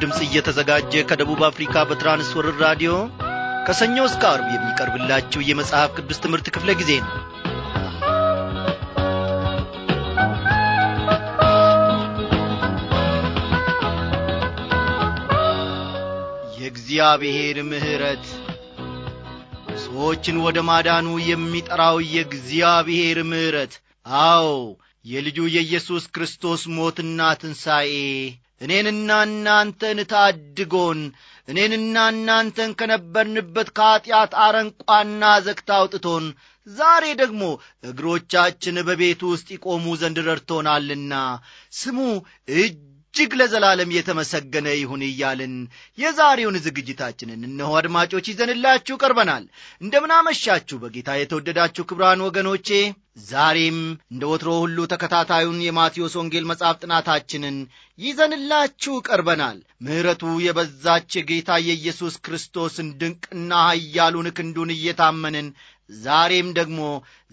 ድምፅ እየተዘጋጀ ከደቡብ አፍሪካ በትራንስወርር ራዲዮ ከሰኞ እስከ አርብ የሚቀርብላችሁ የመጽሐፍ ቅዱስ ትምህርት ክፍለ ጊዜ ነው የእግዚአብሔር ምሕረት ሰዎችን ወደ ማዳኑ የሚጠራው የእግዚአብሔር ምሕረት አዎ የልጁ የኢየሱስ ክርስቶስ ሞትና ትንሣኤ እኔንና እናንተን ታድጎን እኔንና እናንተን ከነበርንበት ከኀጢአት አረንቋና ዘግታ አውጥቶን ዛሬ ደግሞ እግሮቻችን በቤቱ ውስጥ ይቆሙ ዘንድ ረድቶናልና ስሙ እጅ እጅግ ለዘላለም የተመሰገነ ይሁን እያልን የዛሬውን ዝግጅታችንን እነሆ አድማጮች ይዘንላችሁ ቀርበናል። እንደምናመሻችሁ በጌታ የተወደዳችሁ ክብራን ወገኖቼ፣ ዛሬም እንደ ወትሮ ሁሉ ተከታታዩን የማቴዎስ ወንጌል መጽሐፍ ጥናታችንን ይዘንላችሁ ቀርበናል። ምሕረቱ የበዛች የጌታ የኢየሱስ ክርስቶስን ድንቅና ኃያሉን ክንዱን እየታመንን ዛሬም ደግሞ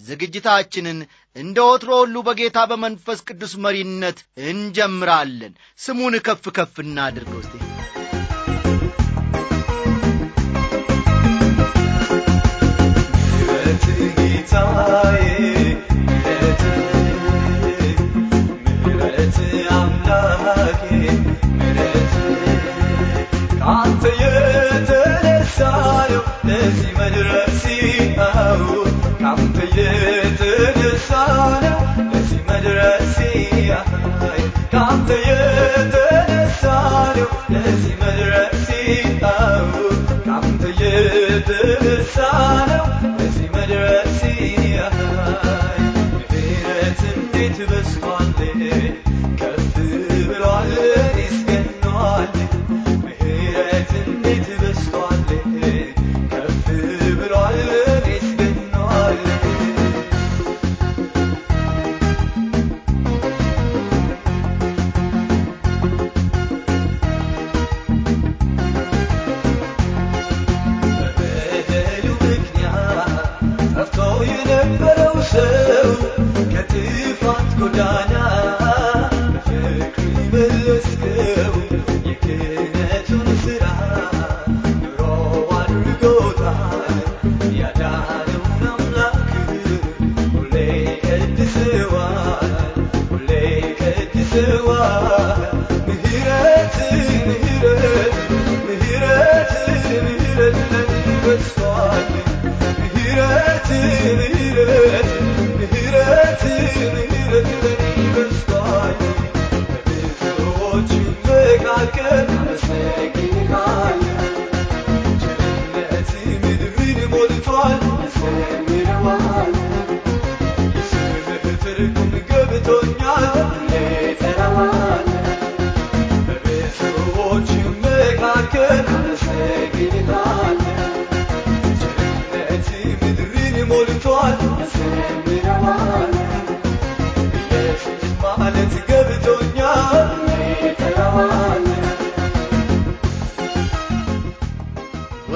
ዝግጅታችንን እንደ ወትሮ ሁሉ በጌታ በመንፈስ ቅዱስ መሪነት እንጀምራለን። ስሙን ከፍ ከፍ እናድርገው እስቲ። ጌታዬ ምሕረት አምላኬ ምሕረት ከአንተ የተነሳ ለዚህ መድረሴ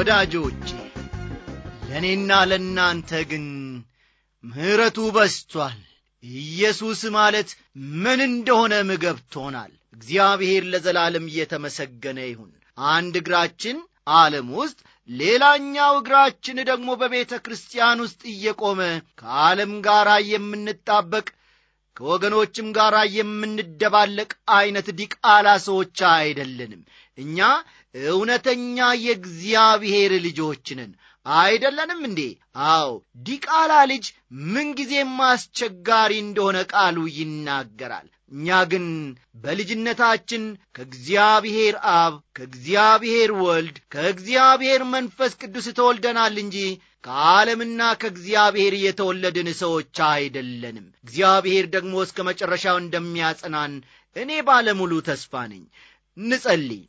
ወዳጆቼ ለእኔና ለእናንተ ግን ምሕረቱ በስቷል ኢየሱስ ማለት ምን ምገብ ትሆናል እግዚአብሔር ለዘላለም እየተመሰገነ ይሁን አንድ እግራችን ዓለም ውስጥ ሌላኛው እግራችን ደግሞ በቤተ ክርስቲያን ውስጥ እየቆመ ከዓለም ጋር የምንጣበቅ ከወገኖችም ጋር የምንደባለቅ ዐይነት ዲቃላ ሰዎች አይደለንም እኛ እውነተኛ የእግዚአብሔር ልጆችንን አይደለንም እንዴ? አዎ፣ ዲቃላ ልጅ ምንጊዜም አስቸጋሪ እንደሆነ ቃሉ ይናገራል። እኛ ግን በልጅነታችን ከእግዚአብሔር አብ፣ ከእግዚአብሔር ወልድ፣ ከእግዚአብሔር መንፈስ ቅዱስ ተወልደናል እንጂ ከዓለምና ከእግዚአብሔር የተወለድን ሰዎች አይደለንም። እግዚአብሔር ደግሞ እስከ መጨረሻው እንደሚያጸናን እኔ ባለሙሉ ተስፋ ነኝ። ንጸልይ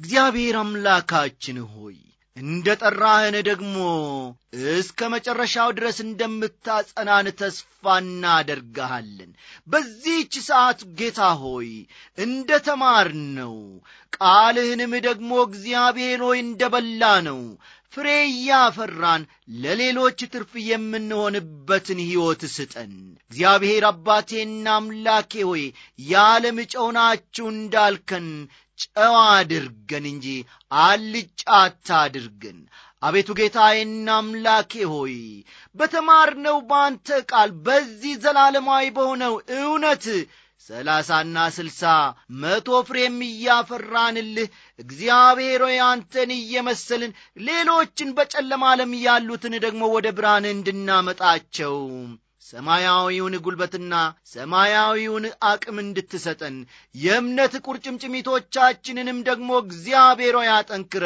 እግዚአብሔር አምላካችን ሆይ እንደ ጠራህን ደግሞ እስከ መጨረሻው ድረስ እንደምታጸናን ተስፋ እናደርግሃለን። በዚህች ሰዓት ጌታ ሆይ እንደ ነው ቃልህንም ደግሞ እግዚአብሔር ሆይ እንደ ነው ፍሬ እያፈራን ለሌሎች ትርፍ የምንሆንበትን ሕይወት ስጠን። እግዚአብሔር አባቴና አምላኬ ሆይ የዓለም ጨው ናችሁ እንዳልከን ጨዋ አድርገን እንጂ አልጫ አታድርገን። አቤቱ ጌታዬና አምላኬ ሆይ በተማርነው ባንተ ቃል በዚህ ዘላለማዊ በሆነው እውነት ሰላሳና ስልሳ መቶ ፍሬም እያፈራንልህ እግዚአብሔር ሆይ አንተን እየመሰልን ሌሎችን በጨለማ ዓለም ያሉትን ደግሞ ወደ ብርሃን እንድናመጣቸው ሰማያዊውን ጉልበትና ሰማያዊውን አቅም እንድትሰጠን የእምነት ቁርጭምጭሚቶቻችንንም ደግሞ እግዚአብሔሮ ያጠንክረ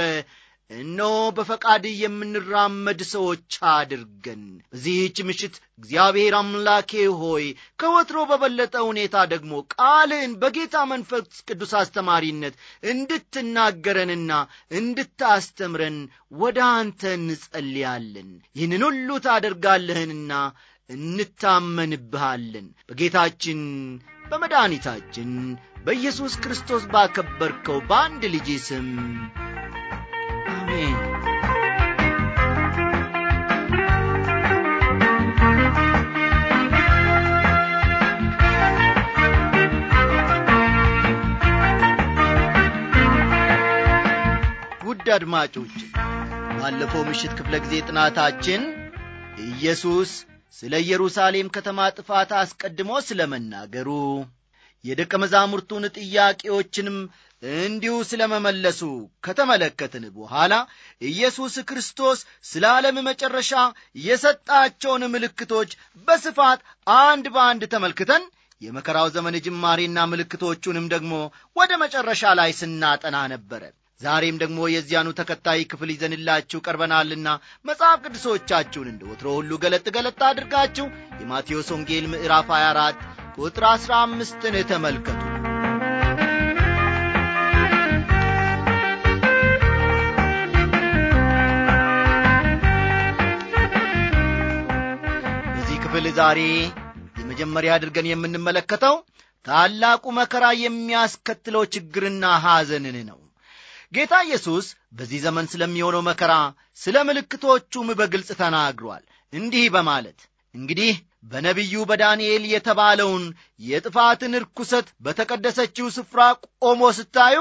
እነሆ በፈቃድ የምንራመድ ሰዎች አድርገን። በዚህች ምሽት እግዚአብሔር አምላኬ ሆይ ከወትሮ በበለጠ ሁኔታ ደግሞ ቃልህን በጌታ መንፈስ ቅዱስ አስተማሪነት እንድትናገረንና እንድታስተምረን ወደ አንተ እንጸልያለን። ይህንን ሁሉ ታደርጋለህንና እንታመንብሃለን በጌታችን በመድኃኒታችን በኢየሱስ ክርስቶስ ባከበርከው በአንድ ልጅ ስም አሜን ውድ አድማጮች ባለፈው ምሽት ክፍለ ጊዜ ጥናታችን ኢየሱስ ስለ ኢየሩሳሌም ከተማ ጥፋት አስቀድሞ ስለ መናገሩ የደቀ መዛሙርቱን ጥያቄዎችንም እንዲሁ ስለ መመለሱ ከተመለከትን በኋላ ኢየሱስ ክርስቶስ ስለ ዓለም መጨረሻ የሰጣቸውን ምልክቶች በስፋት አንድ በአንድ ተመልክተን የመከራው ዘመን ጅማሬና ምልክቶቹንም ደግሞ ወደ መጨረሻ ላይ ስናጠና ነበረ። ዛሬም ደግሞ የዚያኑ ተከታይ ክፍል ይዘንላችሁ ቀርበናልና መጽሐፍ ቅዱሶቻችሁን እንደ ወትሮ ሁሉ ገለጥ ገለጥ አድርጋችሁ የማቴዎስ ወንጌል ምዕራፍ 24 ቁጥር 15ን ተመልከቱ። በዚህ ክፍል ዛሬ የመጀመሪያ አድርገን የምንመለከተው ታላቁ መከራ የሚያስከትለው ችግርና ሐዘንን ነው። ጌታ ኢየሱስ በዚህ ዘመን ስለሚሆነው መከራ ስለ ምልክቶቹም በግልጽ ተናግሯል እንዲህ በማለት እንግዲህ በነቢዩ በዳንኤል የተባለውን የጥፋትን ርኩሰት በተቀደሰችው ስፍራ ቆሞ ስታዩ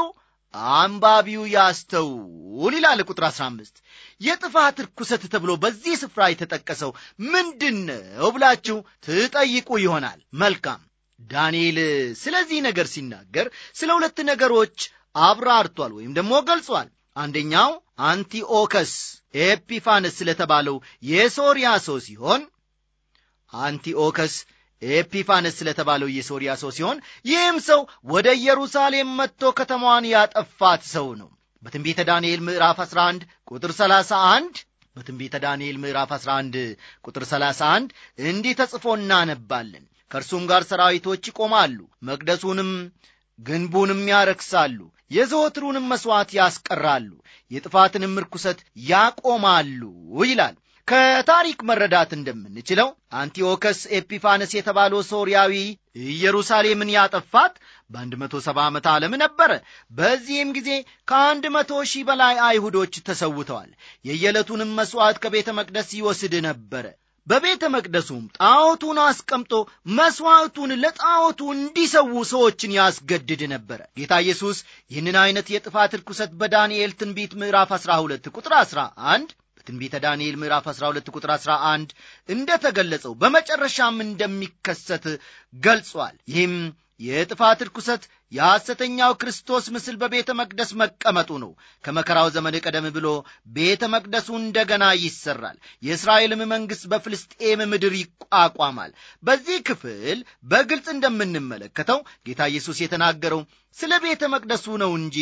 አንባቢው ያስተውል ይላል ቁጥር 15 የጥፋት ርኩሰት ተብሎ በዚህ ስፍራ የተጠቀሰው ምንድን ነው ብላችሁ ትጠይቁ ይሆናል መልካም ዳንኤል ስለዚህ ነገር ሲናገር ስለ ሁለት ነገሮች አብራርቷል ወይም ደግሞ ገልጿል። አንደኛው አንቲኦከስ ኤጲፋነስ ስለተባለው የሶርያ ሰው ሲሆን አንቲኦከስ ኤጲፋነስ ስለተባለው የሶርያ ሰው ሲሆን ይህም ሰው ወደ ኢየሩሳሌም መጥቶ ከተማዋን ያጠፋት ሰው ነው። በትንቢተ ዳንኤል ምዕራፍ 11 ቁጥር 31 በትንቢተ ዳንኤል ምዕራፍ 11 ቁጥር 31 እንዲህ ተጽፎ እናነባለን። ከእርሱም ጋር ሰራዊቶች ይቆማሉ፣ መቅደሱንም ግንቡንም ያረክሳሉ፣ የዘወትሩንም መሥዋዕት ያስቀራሉ፣ የጥፋትንም ርኩሰት ያቆማሉ ይላል። ከታሪክ መረዳት እንደምንችለው አንቲዮከስ ኤፒፋነስ የተባለው ሶርያዊ ኢየሩሳሌምን ያጠፋት በ170 ዓመት ዓለም ነበረ። በዚህም ጊዜ ከአንድ መቶ ሺህ በላይ አይሁዶች ተሰውተዋል። የየዕለቱንም መሥዋዕት ከቤተ መቅደስ ይወስድ ነበረ። በቤተ መቅደሱም ጣዖቱን አስቀምጦ መሥዋዕቱን ለጣዖቱ እንዲሰዉ ሰዎችን ያስገድድ ነበረ። ጌታ ኢየሱስ ይህንን ዐይነት የጥፋት ርኩሰት በዳንኤል ትንቢት ምዕራፍ 12 ቁጥር 11 በትንቢተ ዳንኤል ምዕራፍ 12 ቁጥር 11 እንደ ተገለጸው በመጨረሻም እንደሚከሰት ገልጿል። ይህም የጥፋት ርኩሰት የሐሰተኛው ክርስቶስ ምስል በቤተ መቅደስ መቀመጡ ነው። ከመከራው ዘመን ቀደም ብሎ ቤተ መቅደሱ እንደገና ይሰራል። የእስራኤልም መንግሥት በፍልስጤም ምድር ይቋቋማል። በዚህ ክፍል በግልጽ እንደምንመለከተው ጌታ ኢየሱስ የተናገረው ስለ ቤተ መቅደሱ ነው እንጂ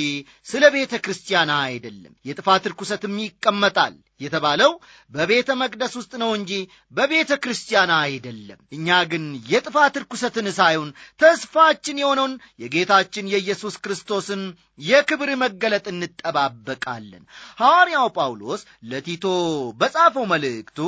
ስለ ቤተ ክርስቲያን አይደለም። የጥፋት ርኩሰትም ይቀመጣል የተባለው በቤተ መቅደስ ውስጥ ነው እንጂ በቤተ ክርስቲያን አይደለም። እኛ ግን የጥፋት ርኩሰትን ሳይሆን ተስፋችን የሆነውን የጌታ የጌታችን የኢየሱስ ክርስቶስን የክብር መገለጥ እንጠባበቃለን። ሐዋርያው ጳውሎስ ለቲቶ በጻፈው መልእክቱ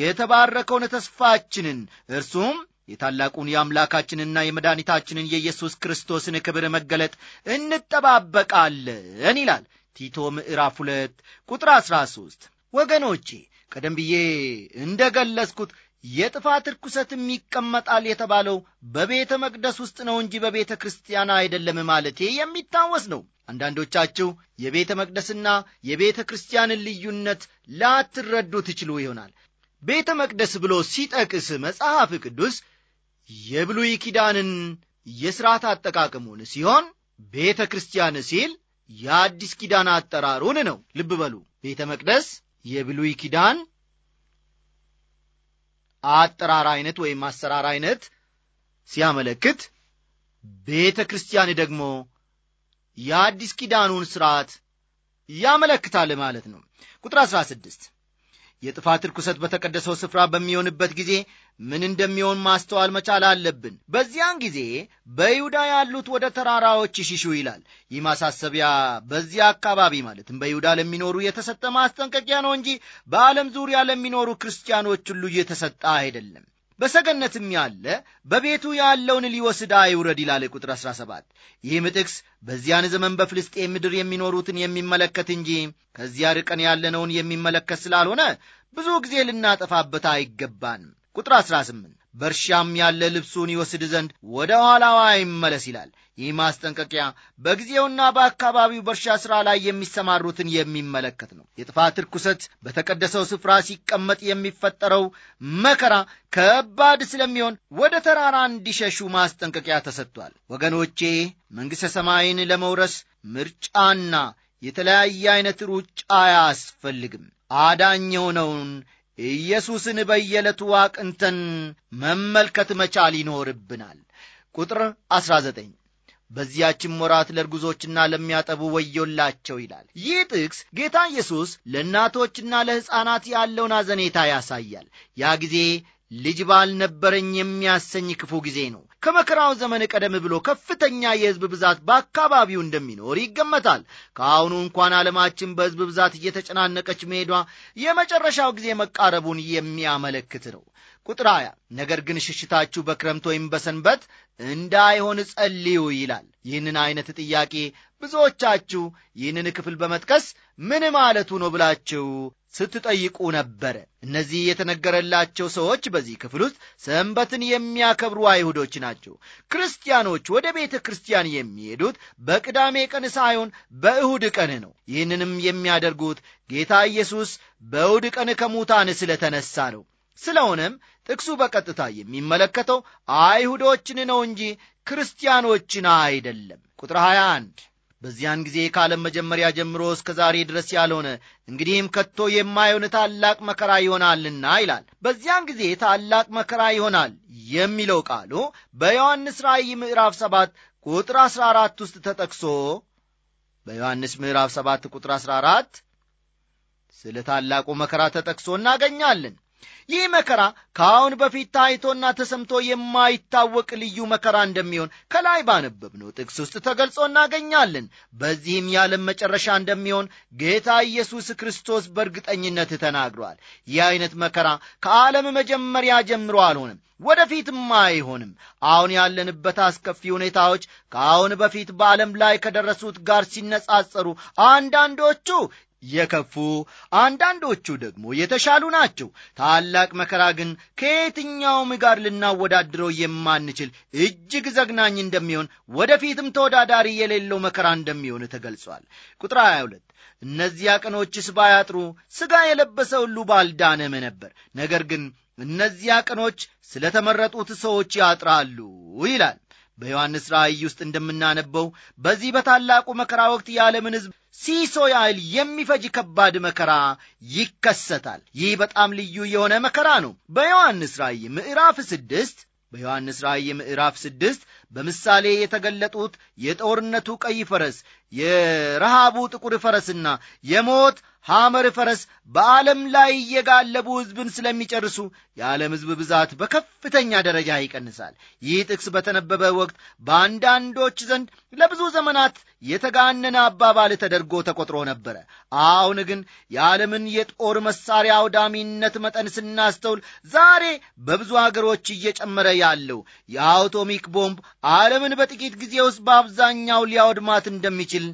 የተባረከውን ተስፋችንን እርሱም የታላቁን የአምላካችንና የመድኃኒታችንን የኢየሱስ ክርስቶስን ክብር መገለጥ እንጠባበቃለን ይላል። ቲቶ ምዕራፍ 2 ቁጥር 13 ወገኖቼ ቀደም ብዬ እንደ ገለጽኩት የጥፋት ርኩሰትም ይቀመጣል የተባለው በቤተ መቅደስ ውስጥ ነው እንጂ በቤተ ክርስቲያን አይደለም ማለቴ የሚታወስ ነው። አንዳንዶቻችሁ የቤተ መቅደስና የቤተ ክርስቲያንን ልዩነት ላትረዱ ትችሉ ይሆናል። ቤተ መቅደስ ብሎ ሲጠቅስ መጽሐፍ ቅዱስ የብሉይ ኪዳንን የሥርዓት አጠቃቀሙን ሲሆን ቤተ ክርስቲያን ሲል የአዲስ ኪዳን አጠራሩን ነው። ልብ በሉ ቤተ መቅደስ የብሉይ ኪዳን አጠራር አይነት ወይም አሰራር አይነት ሲያመለክት ቤተ ክርስቲያን ደግሞ የአዲስ ኪዳኑን ሥርዓት ያመለክታል ማለት ነው። ቁጥር 16 የጥፋት ርኩሰት በተቀደሰው ስፍራ በሚሆንበት ጊዜ ምን እንደሚሆን ማስተዋል መቻል አለብን። በዚያን ጊዜ በይሁዳ ያሉት ወደ ተራራዎች ይሽሹ ይላል። ይህ ማሳሰቢያ በዚያ አካባቢ ማለትም በይሁዳ ለሚኖሩ የተሰጠ ማስጠንቀቂያ ነው እንጂ በዓለም ዙሪያ ለሚኖሩ ክርስቲያኖች ሁሉ እየተሰጠ አይደለም። በሰገነትም ያለ በቤቱ ያለውን ሊወስድ አይውረድ ይላል ቁጥር 17። ይህም ጥቅስ በዚያን ዘመን በፍልስጤን ምድር የሚኖሩትን የሚመለከት እንጂ ከዚያ ርቀን ያለነውን የሚመለከት ስላልሆነ ብዙ ጊዜ ልናጠፋበት አይገባንም። ቁጥር 18 በእርሻም ያለ ልብሱን ይወስድ ዘንድ ወደ ኋላዋ ይመለስ ይላል። ይህ ማስጠንቀቂያ በጊዜውና በአካባቢው በእርሻ ሥራ ላይ የሚሰማሩትን የሚመለከት ነው። የጥፋት ርኩሰት በተቀደሰው ስፍራ ሲቀመጥ የሚፈጠረው መከራ ከባድ ስለሚሆን ወደ ተራራ እንዲሸሹ ማስጠንቀቂያ ተሰጥቷል። ወገኖቼ መንግሥተ ሰማይን ለመውረስ ምርጫና የተለያየ አይነት ሩጫ አያስፈልግም። አዳኝ የሆነውን ኢየሱስን በየዕለቱ አቅንተን መመልከት መቻል ይኖርብናል። ቁጥር 19 በዚያችም ወራት ለርጉዞችና ለሚያጠቡ ወዮላቸው ይላል። ይህ ጥቅስ ጌታ ኢየሱስ ለእናቶችና ለሕፃናት ያለውን አዘኔታ ያሳያል። ያ ጊዜ ልጅ ባልነበረኝ የሚያሰኝ ክፉ ጊዜ ነው። ከመከራው ዘመን ቀደም ብሎ ከፍተኛ የሕዝብ ብዛት በአካባቢው እንደሚኖር ይገመታል። ከአሁኑ እንኳን ዓለማችን በሕዝብ ብዛት እየተጨናነቀች መሄዷ የመጨረሻው ጊዜ መቃረቡን የሚያመለክት ነው። ቁጥር ሃያ ነገር ግን ሽሽታችሁ በክረምት ወይም በሰንበት እንዳይሆን ጸልዩ ይላል። ይህንን አይነት ጥያቄ ብዙዎቻችሁ ይህንን ክፍል በመጥቀስ ምን ማለቱ ነው ብላችሁ ስትጠይቁ ነበረ። እነዚህ የተነገረላቸው ሰዎች በዚህ ክፍል ውስጥ ሰንበትን የሚያከብሩ አይሁዶች ናቸው። ክርስቲያኖች ወደ ቤተ ክርስቲያን የሚሄዱት በቅዳሜ ቀን ሳይሆን በእሁድ ቀን ነው። ይህንንም የሚያደርጉት ጌታ ኢየሱስ በእሁድ ቀን ከሙታን ስለተነሳ ነው። ስለሆነም ጥቅሱ በቀጥታ የሚመለከተው አይሁዶችን ነው እንጂ ክርስቲያኖችን አይደለም። ቁጥር 21 በዚያን ጊዜ ከዓለም መጀመሪያ ጀምሮ እስከ ዛሬ ድረስ ያልሆነ እንግዲህም ከቶ የማይሆን ታላቅ መከራ ይሆናልና ይላል። በዚያን ጊዜ ታላቅ መከራ ይሆናል የሚለው ቃሉ በዮሐንስ ራእይ ምዕራፍ 7 ቁጥር 14 ውስጥ ተጠቅሶ በዮሐንስ ምዕራፍ 7 ቁጥር 14 ስለ ታላቁ መከራ ተጠቅሶ እናገኛለን። ይህ መከራ ከአሁን በፊት ታይቶና ተሰምቶ የማይታወቅ ልዩ መከራ እንደሚሆን ከላይ ባነበብነው ጥቅስ ውስጥ ተገልጾ እናገኛለን። በዚህም የዓለም መጨረሻ እንደሚሆን ጌታ ኢየሱስ ክርስቶስ በእርግጠኝነት ተናግሯል። ይህ አይነት መከራ ከዓለም መጀመሪያ ጀምሮ አልሆነም፣ ወደፊትም አይሆንም። አሁን ያለንበት አስከፊ ሁኔታዎች ከአሁን በፊት በዓለም ላይ ከደረሱት ጋር ሲነጻጸሩ አንዳንዶቹ የከፉ አንዳንዶቹ ደግሞ የተሻሉ ናቸው። ታላቅ መከራ ግን ከየትኛውም ጋር ልናወዳድረው የማንችል እጅግ ዘግናኝ እንደሚሆን ወደፊትም ተወዳዳሪ የሌለው መከራ እንደሚሆን ተገልጿል። ቁጥር 22 እነዚያ ቀኖችስ ባያጥሩ ሥጋ የለበሰ ሁሉ ባልዳነም ነበር፣ ነገር ግን እነዚያ ቀኖች ስለ ተመረጡት ሰዎች ያጥራሉ ይላል። በዮሐንስ ራእይ ውስጥ እንደምናነበው በዚህ በታላቁ መከራ ወቅት የዓለምን ሕዝብ ሲሶ ያህል የሚፈጅ ከባድ መከራ ይከሰታል። ይህ በጣም ልዩ የሆነ መከራ ነው። በዮሐንስ ራእይ ምዕራፍ ስድስት በዮሐንስ ራእይ ምዕራፍ ስድስት በምሳሌ የተገለጡት የጦርነቱ ቀይ ፈረስ፣ የረሃቡ ጥቁር ፈረስና የሞት ሐመር ፈረስ በዓለም ላይ እየጋለቡ ሕዝብን ስለሚጨርሱ የዓለም ሕዝብ ብዛት በከፍተኛ ደረጃ ይቀንሳል። ይህ ጥቅስ በተነበበ ወቅት በአንዳንዶች ዘንድ ለብዙ ዘመናት የተጋነነ አባባል ተደርጎ ተቆጥሮ ነበረ። አሁን ግን የዓለምን የጦር መሳሪያ አውዳሚነት መጠን ስናስተውል ዛሬ በብዙ አገሮች እየጨመረ ያለው የአውቶሚክ ቦምብ ዓለምን በጥቂት ጊዜ ውስጥ በአብዛኛው ሊያወድማት እንደሚችል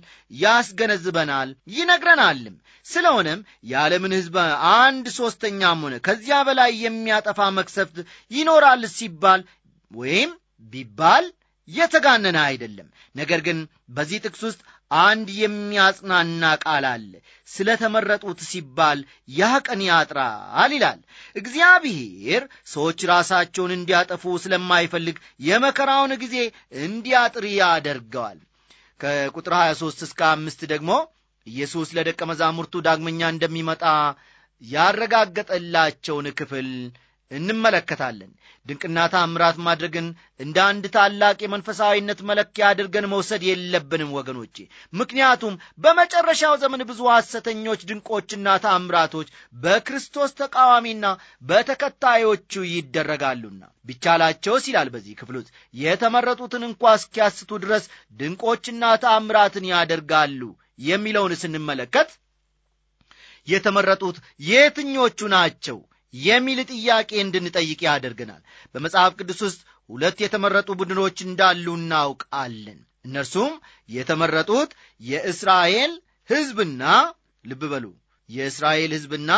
ያስገነዝበናል ይነግረናልም። ስለሆነም የዓለምን ሕዝብ አንድ ሦስተኛም ሆነ ከዚያ በላይ የሚያጠፋ መክሰፍት ይኖራል ሲባል ወይም ቢባል የተጋነነ አይደለም። ነገር ግን በዚህ ጥቅስ ውስጥ አንድ የሚያጽናና ቃል አለ። ስለ ተመረጡት ሲባል ያ ቀን ያጥራል ይላል። እግዚአብሔር ሰዎች ራሳቸውን እንዲያጠፉ ስለማይፈልግ የመከራውን ጊዜ እንዲያጥር ያደርገዋል። ከቁጥር 23 እስከ አምስት ደግሞ ኢየሱስ ለደቀ መዛሙርቱ ዳግመኛ እንደሚመጣ ያረጋገጠላቸውን ክፍል እንመለከታለን። ድንቅና ታምራት ማድረግን እንደ አንድ ታላቅ የመንፈሳዊነት መለኪያ አድርገን መውሰድ የለብንም ወገኖቼ። ምክንያቱም በመጨረሻው ዘመን ብዙ ሐሰተኞች ድንቆችና ታምራቶች በክርስቶስ ተቃዋሚና በተከታዮቹ ይደረጋሉና ቢቻላቸውስ ይላል በዚህ ክፍል ውስጥ የተመረጡትን እንኳ እስኪያስቱ ድረስ ድንቆችና ታምራትን ያደርጋሉ የሚለውን ስንመለከት የተመረጡት የትኞቹ ናቸው የሚል ጥያቄ እንድንጠይቅ ያደርገናል። በመጽሐፍ ቅዱስ ውስጥ ሁለት የተመረጡ ቡድኖች እንዳሉ እናውቃለን። እነርሱም የተመረጡት የእስራኤል ሕዝብና ልብ በሉ የእስራኤል ሕዝብና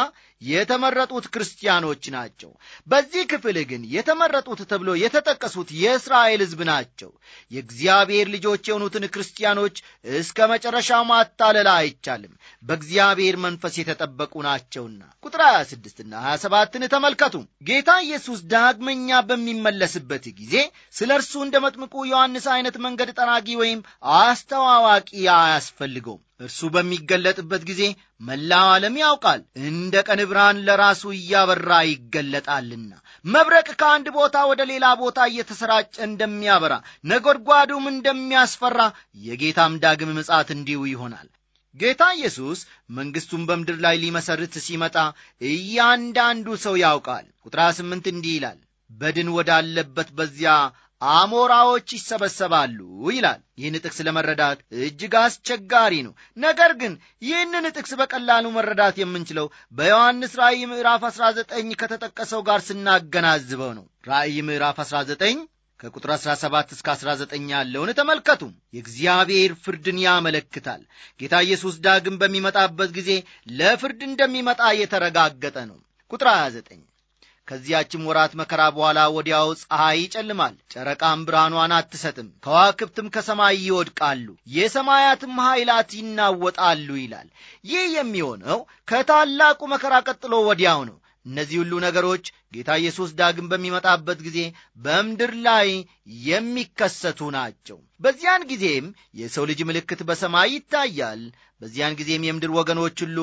የተመረጡት ክርስቲያኖች ናቸው። በዚህ ክፍል ግን የተመረጡት ተብሎ የተጠቀሱት የእስራኤል ሕዝብ ናቸው። የእግዚአብሔር ልጆች የሆኑትን ክርስቲያኖች እስከ መጨረሻ ማታለል አይቻልም። በእግዚአብሔር መንፈስ የተጠበቁ ናቸውና። ቁጥር 26ና 27ን ተመልከቱ። ጌታ ኢየሱስ ዳግመኛ በሚመለስበት ጊዜ ስለ እርሱ እንደ መጥምቁ ዮሐንስ አይነት መንገድ ጠራጊ ወይም አስተዋዋቂ አያስፈልገውም። እርሱ በሚገለጥበት ጊዜ መላው ዓለም ያውቃል፣ እንደ ቀን ብርሃን ለራሱ እያበራ ይገለጣልና። መብረቅ ከአንድ ቦታ ወደ ሌላ ቦታ እየተሰራጨ እንደሚያበራ ነጎድጓዱም እንደሚያስፈራ የጌታም ዳግም ምጻት እንዲሁ ይሆናል። ጌታ ኢየሱስ መንግሥቱን በምድር ላይ ሊመሠርት ሲመጣ እያንዳንዱ ሰው ያውቃል። ቁጥር ስምንት እንዲህ ይላል፣ በድን ወዳለበት በዚያ አሞራዎች ይሰበሰባሉ ይላል። ይህን ጥቅስ ለመረዳት እጅግ አስቸጋሪ ነው። ነገር ግን ይህንን ጥቅስ በቀላሉ መረዳት የምንችለው በዮሐንስ ራእይ ምዕራፍ 19 ከተጠቀሰው ጋር ስናገናዝበው ነው። ራእይ ምዕራፍ 19 ከቁጥር 17 እስከ 19 ያለውን ተመልከቱ። የእግዚአብሔር ፍርድን ያመለክታል። ጌታ ኢየሱስ ዳግም በሚመጣበት ጊዜ ለፍርድ እንደሚመጣ የተረጋገጠ ነው። ቁጥር 29 ከዚያችም ወራት መከራ በኋላ ወዲያው ፀሐይ ይጨልማል፣ ጨረቃም ብርሃኗን አትሰጥም፣ ከዋክብትም ከሰማይ ይወድቃሉ፣ የሰማያትም ኃይላት ይናወጣሉ ይላል። ይህ የሚሆነው ከታላቁ መከራ ቀጥሎ ወዲያው ነው። እነዚህ ሁሉ ነገሮች ጌታ ኢየሱስ ዳግም በሚመጣበት ጊዜ በምድር ላይ የሚከሰቱ ናቸው። በዚያን ጊዜም የሰው ልጅ ምልክት በሰማይ ይታያል። በዚያን ጊዜም የምድር ወገኖች ሁሉ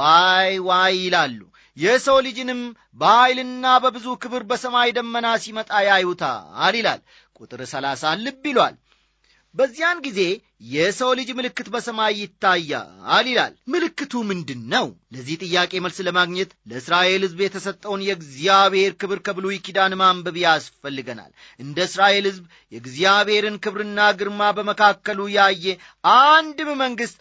ዋይ ዋይ ይላሉ። የሰው ልጅንም በኃይልና በብዙ ክብር በሰማይ ደመና ሲመጣ ያዩታል ይላል ቁጥር ሰላሳ ልብ ይሏል በዚያን ጊዜ የሰው ልጅ ምልክት በሰማይ ይታያል ይላል። ምልክቱ ምንድን ነው? ለዚህ ጥያቄ መልስ ለማግኘት ለእስራኤል ሕዝብ የተሰጠውን የእግዚአብሔር ክብር ከብሉይ ኪዳን ማንበብ ያስፈልገናል። እንደ እስራኤል ሕዝብ የእግዚአብሔርን ክብርና ግርማ በመካከሉ ያየ አንድም መንግሥት፣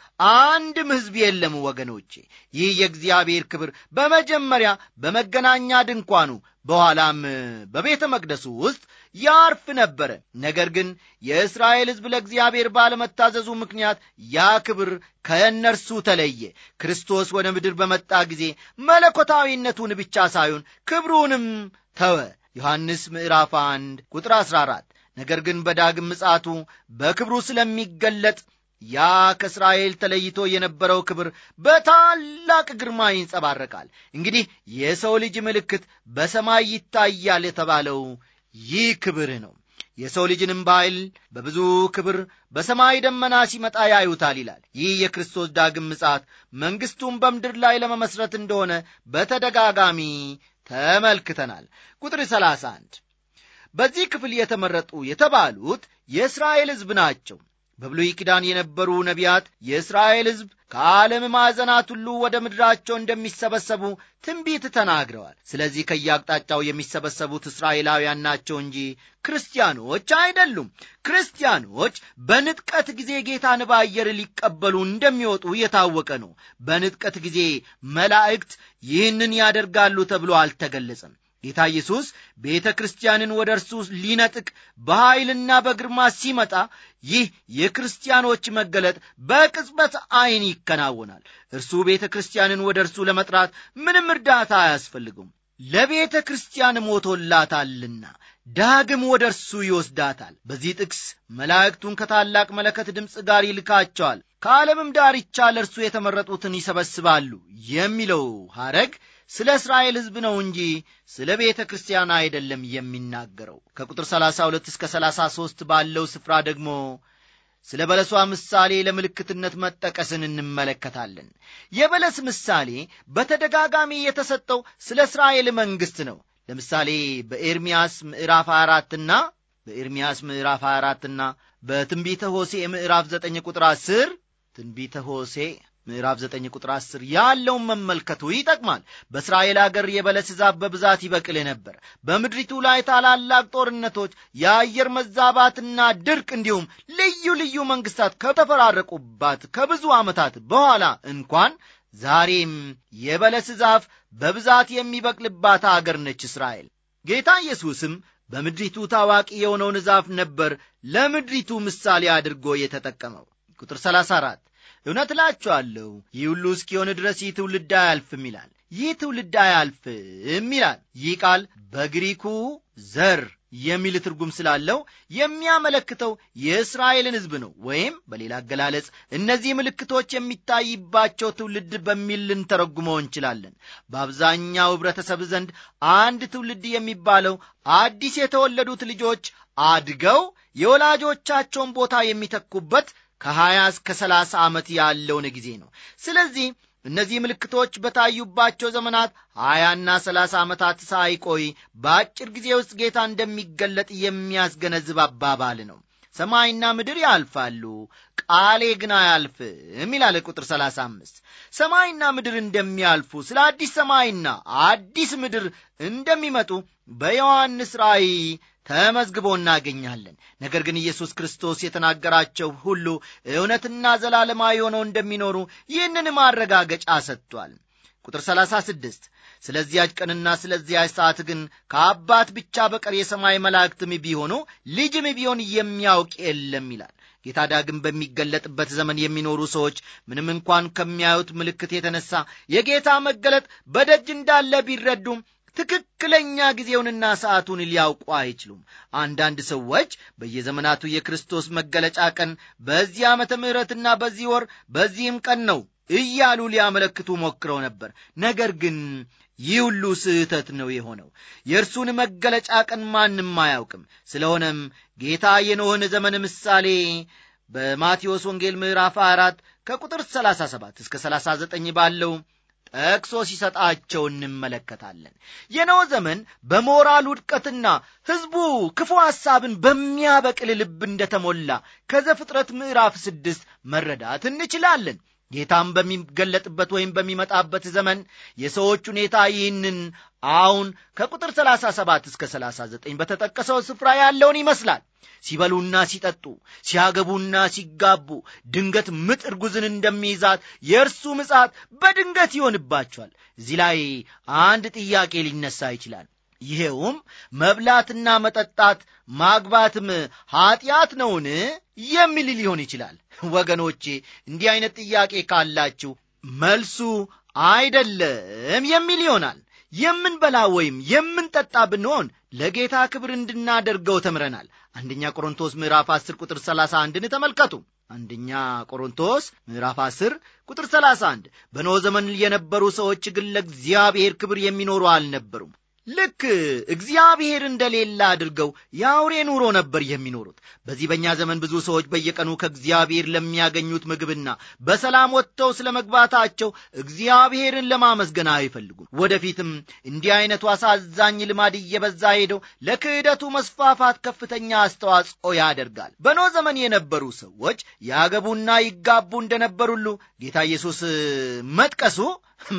አንድም ሕዝብ የለም። ወገኖቼ ይህ የእግዚአብሔር ክብር በመጀመሪያ በመገናኛ ድንኳኑ በኋላም በቤተ መቅደሱ ውስጥ ያርፍ ነበረ። ነገር ግን የእስራኤል ሕዝብ ለእግዚአብሔር ባለመታዘዙ ምክንያት ያ ክብር ከእነርሱ ተለየ። ክርስቶስ ወደ ምድር በመጣ ጊዜ መለኮታዊነቱን ብቻ ሳይሆን ክብሩንም ተወ። ዮሐንስ ምዕራፍ 1 ቁጥር 14 ነገር ግን በዳግም ምጽአቱ በክብሩ ስለሚገለጥ ያ ከእስራኤል ተለይቶ የነበረው ክብር በታላቅ ግርማ ይንጸባረቃል። እንግዲህ የሰው ልጅ ምልክት በሰማይ ይታያል የተባለው ይህ ክብር ነው። የሰው ልጅንም ባይል በብዙ ክብር በሰማይ ደመና ሲመጣ ያዩታል ይላል። ይህ የክርስቶስ ዳግም ምጻት መንግሥቱን በምድር ላይ ለመመስረት እንደሆነ በተደጋጋሚ ተመልክተናል። ቁጥር 31 በዚህ ክፍል የተመረጡ የተባሉት የእስራኤል ሕዝብ ናቸው። በብሉይ ኪዳን የነበሩ ነቢያት የእስራኤል ሕዝብ ከዓለም ማዕዘናት ሁሉ ወደ ምድራቸው እንደሚሰበሰቡ ትንቢት ተናግረዋል። ስለዚህ ከየአቅጣጫው የሚሰበሰቡት እስራኤላውያን ናቸው እንጂ ክርስቲያኖች አይደሉም። ክርስቲያኖች በንጥቀት ጊዜ ጌታን በአየር ሊቀበሉ እንደሚወጡ የታወቀ ነው። በንጥቀት ጊዜ መላእክት ይህንን ያደርጋሉ ተብሎ አልተገለጸም። ጌታ ኢየሱስ ቤተ ክርስቲያንን ወደ እርሱ ሊነጥቅ በኃይልና በግርማ ሲመጣ ይህ የክርስቲያኖች መገለጥ በቅጽበት ዐይን ይከናወናል። እርሱ ቤተ ክርስቲያንን ወደ እርሱ ለመጥራት ምንም እርዳታ አያስፈልገውም። ለቤተ ክርስቲያን ሞቶላታልና ዳግም ወደ እርሱ ይወስዳታል። በዚህ ጥቅስ መላእክቱን ከታላቅ መለከት ድምፅ ጋር ይልካቸዋል፣ ከዓለምም ዳርቻ ለእርሱ የተመረጡትን ይሰበስባሉ የሚለው ሐረግ ስለ እስራኤል ሕዝብ ነው እንጂ ስለ ቤተ ክርስቲያን አይደለም የሚናገረው። ከቁጥር 32 እስከ 33 ባለው ስፍራ ደግሞ ስለ በለሷ ምሳሌ ለምልክትነት መጠቀስን እንመለከታለን። የበለስ ምሳሌ በተደጋጋሚ የተሰጠው ስለ እስራኤል መንግሥት ነው። ለምሳሌ በኤርምያስ ምዕራፍ 4ና በኤርምያስ ምዕራፍ 24 በትንቢተ ሆሴ ምዕራፍ 9 ቁጥር 10 ትንቢተ ሆሴ ምዕራፍ 9 ቁጥር 10 ያለውን መመልከቱ ይጠቅማል። በእስራኤል አገር የበለስ ዛፍ በብዛት ይበቅል ነበር። በምድሪቱ ላይ ታላላቅ ጦርነቶች፣ የአየር መዛባትና ድርቅ እንዲሁም ልዩ ልዩ መንግስታት ከተፈራረቁባት ከብዙ ዓመታት በኋላ እንኳን ዛሬም የበለስ ዛፍ በብዛት የሚበቅልባት አገር ነች እስራኤል። ጌታ ኢየሱስም በምድሪቱ ታዋቂ የሆነውን ዛፍ ነበር ለምድሪቱ ምሳሌ አድርጎ የተጠቀመው ቁጥር 34 እውነት እላችኋለሁ ይህ ሁሉ እስኪሆን ድረስ ይህ ትውልድ አያልፍም ይላል ይህ ትውልድ አያልፍም ይላል ይህ ቃል በግሪኩ ዘር የሚል ትርጉም ስላለው የሚያመለክተው የእስራኤልን ሕዝብ ነው ወይም በሌላ አገላለጽ እነዚህ ምልክቶች የሚታይባቸው ትውልድ በሚል ልንተረጉመው እንችላለን በአብዛኛው ኅብረተሰብ ዘንድ አንድ ትውልድ የሚባለው አዲስ የተወለዱት ልጆች አድገው የወላጆቻቸውን ቦታ የሚተኩበት ከሀያ እስከ ሰላሳ ዓመት ያለውን ጊዜ ነው። ስለዚህ እነዚህ ምልክቶች በታዩባቸው ዘመናት ሀያና ሰላሳ ዓመታት ሳይቆይ በአጭር ጊዜ ውስጥ ጌታ እንደሚገለጥ የሚያስገነዝብ አባባል ነው። ሰማይና ምድር ያልፋሉ፣ ቃሌ ግን አያልፍም ይላል ቁጥር 35። ሰማይና ምድር እንደሚያልፉ ስለ አዲስ ሰማይና አዲስ ምድር እንደሚመጡ በዮሐንስ ራእይ ተመዝግቦ እናገኛለን። ነገር ግን ኢየሱስ ክርስቶስ የተናገራቸው ሁሉ እውነትና ዘላለማዊ ሆነው እንደሚኖሩ ይህንን ማረጋገጫ ሰጥቷል። ቁጥር 36 ስለዚያች ቀንና ስለዚያች ሰዓት ግን ከአባት ብቻ በቀር የሰማይ መላእክትም ቢሆኑ ልጅም ቢሆን የሚያውቅ የለም ይላል። ጌታ ዳግም በሚገለጥበት ዘመን የሚኖሩ ሰዎች ምንም እንኳን ከሚያዩት ምልክት የተነሳ የጌታ መገለጥ በደጅ እንዳለ ቢረዱም ትክክለኛ ጊዜውንና ሰዓቱን ሊያውቁ አይችሉም። አንዳንድ ሰዎች በየዘመናቱ የክርስቶስ መገለጫ ቀን በዚህ ዓመተ ምሕረትና በዚህ ወር በዚህም ቀን ነው እያሉ ሊያመለክቱ ሞክረው ነበር። ነገር ግን ይህ ሁሉ ስህተት ነው የሆነው። የእርሱን መገለጫ ቀን ማንም አያውቅም። ስለሆነም ጌታ የኖኅን ዘመን ምሳሌ በማቴዎስ ወንጌል ምዕራፍ 4 ከቁጥር 37 እስከ 39 ባለው ጠቅሶ ሲሰጣቸው እንመለከታለን። የኖህ ዘመን በሞራል ውድቀትና ሕዝቡ ክፉ ሐሳብን በሚያበቅል ልብ እንደተሞላ ከዘፍጥረት ምዕራፍ ስድስት መረዳት እንችላለን። ጌታም በሚገለጥበት ወይም በሚመጣበት ዘመን የሰዎች ሁኔታ ይህንን አሁን ከቁጥር 37 እስከ 39 በተጠቀሰው ስፍራ ያለውን ይመስላል። ሲበሉና ሲጠጡ፣ ሲያገቡና ሲጋቡ ድንገት ምጥ እርጉዝን እንደሚይዛት የእርሱ ምጻት በድንገት ይሆንባቸዋል። እዚህ ላይ አንድ ጥያቄ ሊነሳ ይችላል። ይሄውም መብላትና መጠጣት ማግባትም ኀጢአት ነውን የሚል ሊሆን ይችላል። ወገኖቼ እንዲህ አይነት ጥያቄ ካላችሁ መልሱ አይደለም የሚል ይሆናል። የምንበላ ወይም የምንጠጣ ብንሆን ለጌታ ክብር እንድናደርገው ተምረናል። አንደኛ ቆሮንቶስ ምዕራፍ 10 ቁጥር 31 ተመልከቱ። አንደኛ ቆሮንቶስ ምዕራፍ 10 ቁጥር 31 በኖ ዘመን የነበሩ ሰዎች ግን ለእግዚአብሔር ክብር የሚኖሩ አልነበሩም። ልክ እግዚአብሔር እንደሌለ አድርገው የአውሬ ኑሮ ነበር የሚኖሩት። በዚህ በእኛ ዘመን ብዙ ሰዎች በየቀኑ ከእግዚአብሔር ለሚያገኙት ምግብና በሰላም ወጥተው ስለ መግባታቸው እግዚአብሔርን ለማመስገን አይፈልጉም። ወደፊትም እንዲህ አይነቱ አሳዛኝ ልማድ እየበዛ ሄደው ለክህደቱ መስፋፋት ከፍተኛ አስተዋጽኦ ያደርጋል። በኖ ዘመን የነበሩ ሰዎች ያገቡና ይጋቡ እንደነበሩ ጌታ ኢየሱስ መጥቀሱ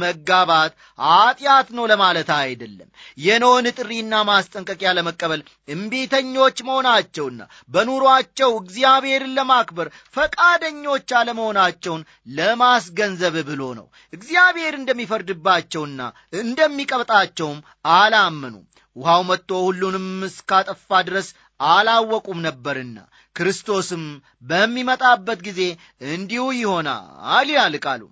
መጋባት ኀጢአት ነው ለማለት አይደለም። የኖን ጥሪና ማስጠንቀቂያ ለመቀበል እምቢተኞች መሆናቸውና በኑሯቸው እግዚአብሔርን ለማክበር ፈቃደኞች አለመሆናቸውን ለማስገንዘብ ብሎ ነው። እግዚአብሔር እንደሚፈርድባቸውና እንደሚቀብጣቸውም አላመኑም። ውሃው መጥቶ ሁሉንም እስካጠፋ ድረስ አላወቁም ነበርና ክርስቶስም በሚመጣበት ጊዜ እንዲሁ ይሆናል ይላል ቃሉ።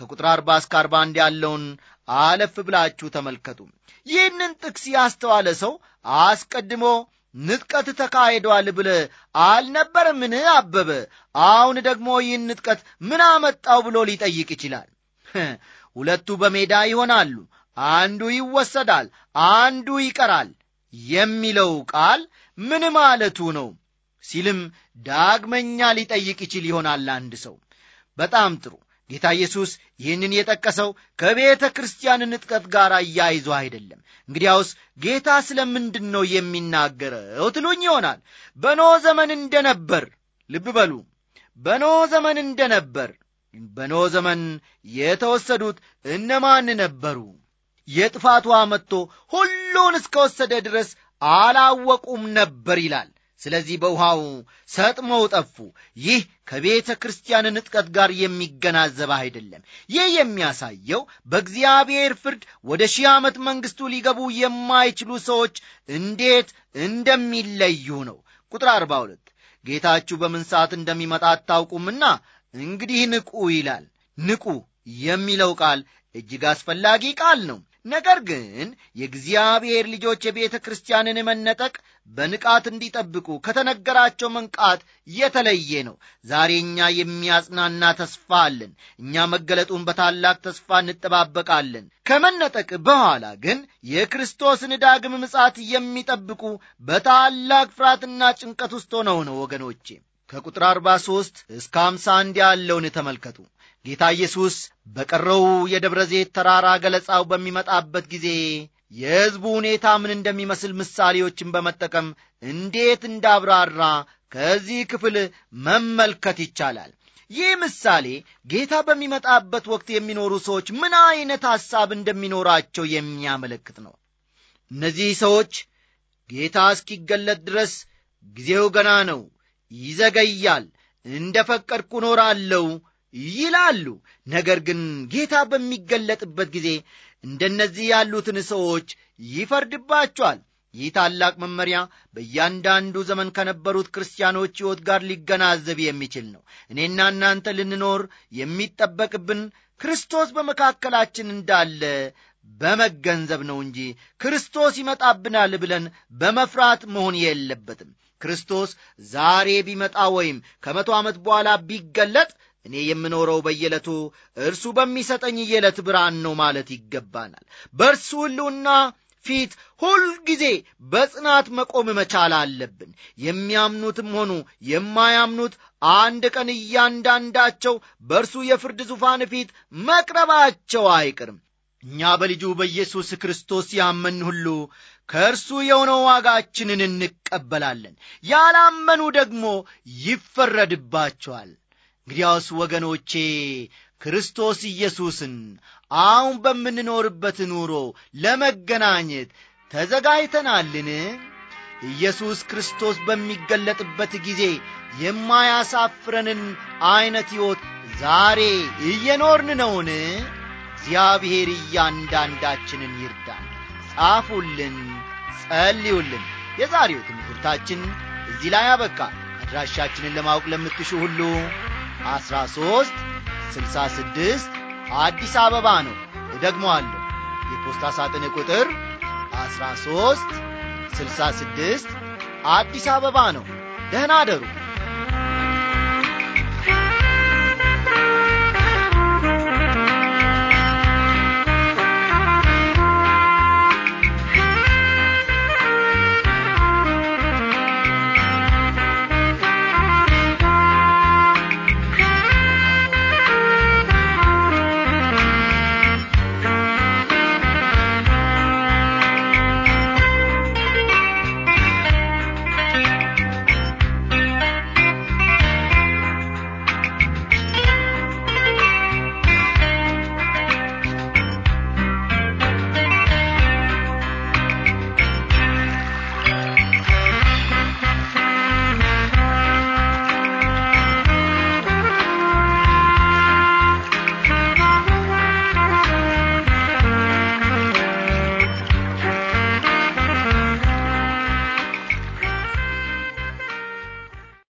ከቁጥር 40 እስከ 41 ያለውን አለፍ ብላችሁ ተመልከቱ። ይህንን ጥቅስ ያስተዋለ ሰው አስቀድሞ ንጥቀት ተካሂዷል ብለ አልነበረምን? አበበ አሁን ደግሞ ይህን ንጥቀት ምን አመጣው ብሎ ሊጠይቅ ይችላል። ሁለቱ በሜዳ ይሆናሉ፣ አንዱ ይወሰዳል፣ አንዱ ይቀራል የሚለው ቃል ምን ማለቱ ነው ሲልም ዳግመኛ ሊጠይቅ ይችል ይሆናል። አንድ ሰው በጣም ጥሩ ጌታ ኢየሱስ ይህንን የጠቀሰው ከቤተ ክርስቲያን ንጥቀት ጋር እያይዞ አይደለም። እንግዲያውስ ጌታ ስለምንድን ነው የሚናገረው ትሉኝ ይሆናል። በኖ ዘመን እንደነበር ልብ በሉ፣ በኖ ዘመን እንደነበር። በኖ ዘመን የተወሰዱት እነማን ነበሩ? የጥፋቱ መጥቶ ሁሉን እስከወሰደ ድረስ አላወቁም ነበር ይላል። ስለዚህ በውሃው ሰጥመው ጠፉ። ይህ ከቤተ ክርስቲያን ንጥቀት ጋር የሚገናዘብ አይደለም። ይህ የሚያሳየው በእግዚአብሔር ፍርድ ወደ ሺህ ዓመት መንግሥቱ ሊገቡ የማይችሉ ሰዎች እንዴት እንደሚለዩ ነው። ቁጥር 42 ጌታችሁ በምን ሰዓት እንደሚመጣ አታውቁምና እንግዲህ ንቁ ይላል። ንቁ የሚለው ቃል እጅግ አስፈላጊ ቃል ነው። ነገር ግን የእግዚአብሔር ልጆች የቤተ ክርስቲያንን መነጠቅ በንቃት እንዲጠብቁ ከተነገራቸው መንቃት የተለየ ነው። ዛሬ እኛ የሚያጽናና ተስፋ አለን። እኛ መገለጡን በታላቅ ተስፋ እንጠባበቃለን። ከመነጠቅ በኋላ ግን የክርስቶስን ዳግም ምጻት የሚጠብቁ በታላቅ ፍርሃትና ጭንቀት ውስጥ ሆነው ነው ወገኖቼ። ከቁጥር 43 እስከ 51 ያለውን ተመልከቱ። ጌታ ኢየሱስ በቀረው የደብረ ዘይት ተራራ ገለጻው በሚመጣበት ጊዜ የሕዝቡ ሁኔታ ምን እንደሚመስል ምሳሌዎችን በመጠቀም እንዴት እንዳብራራ ከዚህ ክፍል መመልከት ይቻላል። ይህ ምሳሌ ጌታ በሚመጣበት ወቅት የሚኖሩ ሰዎች ምን አይነት ሐሳብ እንደሚኖራቸው የሚያመለክት ነው። እነዚህ ሰዎች ጌታ እስኪገለጥ ድረስ ጊዜው ገና ነው፣ ይዘገያል፣ እንደ ፈቀድኩ እኖራለሁ ይላሉ። ነገር ግን ጌታ በሚገለጥበት ጊዜ እንደነዚህ ያሉትን ሰዎች ይፈርድባቸዋል። ይህ ታላቅ መመሪያ በእያንዳንዱ ዘመን ከነበሩት ክርስቲያኖች ሕይወት ጋር ሊገናዘብ የሚችል ነው። እኔና እናንተ ልንኖር የሚጠበቅብን ክርስቶስ በመካከላችን እንዳለ በመገንዘብ ነው እንጂ ክርስቶስ ይመጣብናል ብለን በመፍራት መሆን የለበትም። ክርስቶስ ዛሬ ቢመጣ ወይም ከመቶ ዓመት በኋላ ቢገለጥ እኔ የምኖረው በየለቱ እርሱ በሚሰጠኝ የዕለት ብርሃን ነው ማለት ይገባናል። በእርሱ ሁሉና ፊት ሁልጊዜ በጽናት መቆም መቻል አለብን። የሚያምኑትም ሆኑ የማያምኑት አንድ ቀን እያንዳንዳቸው በእርሱ የፍርድ ዙፋን ፊት መቅረባቸው አይቀርም። እኛ በልጁ በኢየሱስ ክርስቶስ ያመን ሁሉ ከእርሱ የሆነው ዋጋችንን እንቀበላለን። ያላመኑ ደግሞ ይፈረድባቸዋል። እንግዲያውስ ወገኖቼ ክርስቶስ ኢየሱስን አሁን በምንኖርበት ኑሮ ለመገናኘት ተዘጋጅተናልን? ኢየሱስ ክርስቶስ በሚገለጥበት ጊዜ የማያሳፍረንን ዐይነት ሕይወት ዛሬ እየኖርን ነውን? እግዚአብሔር እያንዳንዳችንን ይርዳን። ጻፉልን፣ ጸልዩልን። የዛሬው ትምህርታችን እዚህ ላይ አበቃ። አድራሻችንን ለማወቅ ለምትሹ ሁሉ 13 66 አዲስ አበባ ነው። እደግመዋለሁ። የፖስታ ሳጥን ቁጥር 13 66 አዲስ አበባ ነው። ደህና አደሩ።